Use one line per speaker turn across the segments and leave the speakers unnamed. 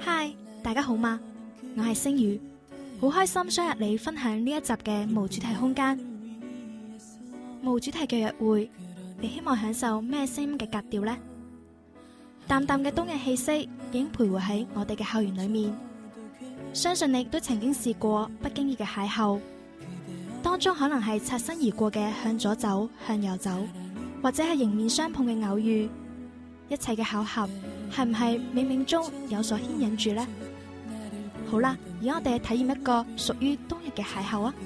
Hi，大家好嗎？我係星宇，好開心相約你分享呢一集嘅無主題空間。無主題嘅約會，你希望享受咩聲音嘅格調呢？淡淡嘅冬日氣息，已經徘徊喺我哋嘅校園裏面。相信你都曾經試過不經意嘅邂逅，當中可能係擦身而過嘅向左走、向右走，或者係迎面相碰嘅偶遇。一切嘅巧合係唔係冥冥中有所牽引住
呢？
好啦，而家我哋系體驗一個屬於冬日嘅邂逅啊！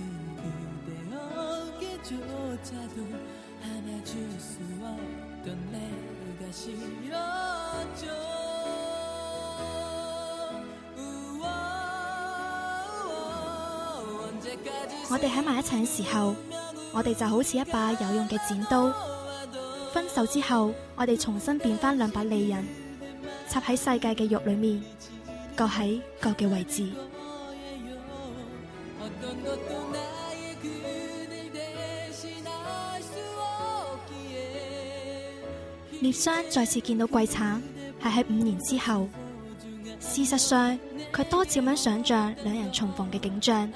我哋喺埋一齊嘅時候，我哋就好似一把有用嘅剪刀。分手之後，我哋重新變翻兩把利刃，插喺世界嘅肉裏面，各喺各嘅位置。聶商再次見到桂橙，係喺五年之後。事實上，佢多次咁想象兩人重逢嘅景象，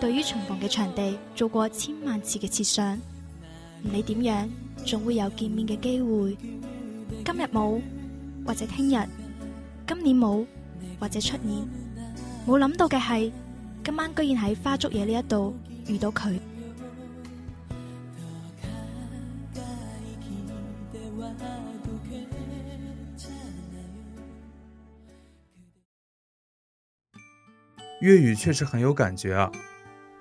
對於重逢嘅場地做過千萬次嘅設想。唔理點樣，仲會有見面嘅機會。今日冇，或者聽日；今年冇，或者出年。冇諗到嘅係，今晚居然喺花燭夜呢一度遇到佢。
粵語確實很有感覺啊！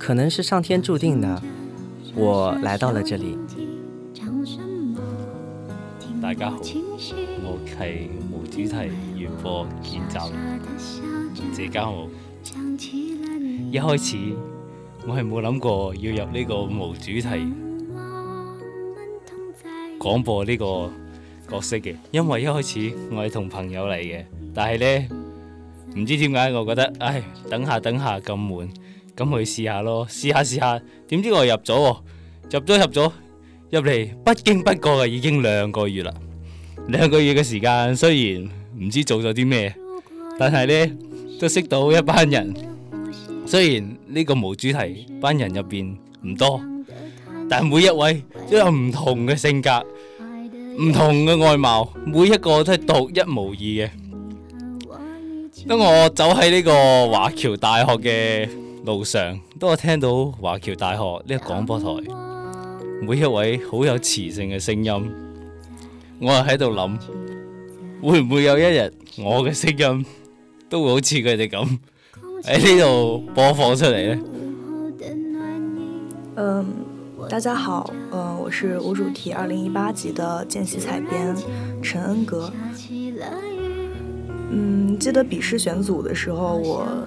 可能是上天注定的，我來到了這裏。
大家好，
我 k 無主題原播見站，
自家豪，
一開始我係冇諗過要入呢個無主題廣播呢個角色嘅，因為一開始我係同朋友嚟嘅，但係呢，唔知點解，我覺得唉、哎，等下等下咁悶。咁去試下咯，試下試下，點知我入咗，入咗入咗，入嚟不經不覺啊，已經兩個月啦。兩個月嘅時間，雖然唔知做咗啲咩，但係呢都識到一班人。雖然呢個無主題班人入邊唔多，但係每一位都有唔同嘅性格、唔同嘅外貌，每一個都係獨一無二嘅。當我走喺呢個華僑大學嘅路上，當我聽到華僑大學呢個廣播台每一位好有磁性嘅聲音，我又喺度諗，會唔會有一日我嘅聲音都會好似佢哋咁喺呢度播放出嚟呢？嗯，
大家好，嗯，我是無主題二零一八級的見習採編陳恩格。嗯，記得筆試選組嘅時候我。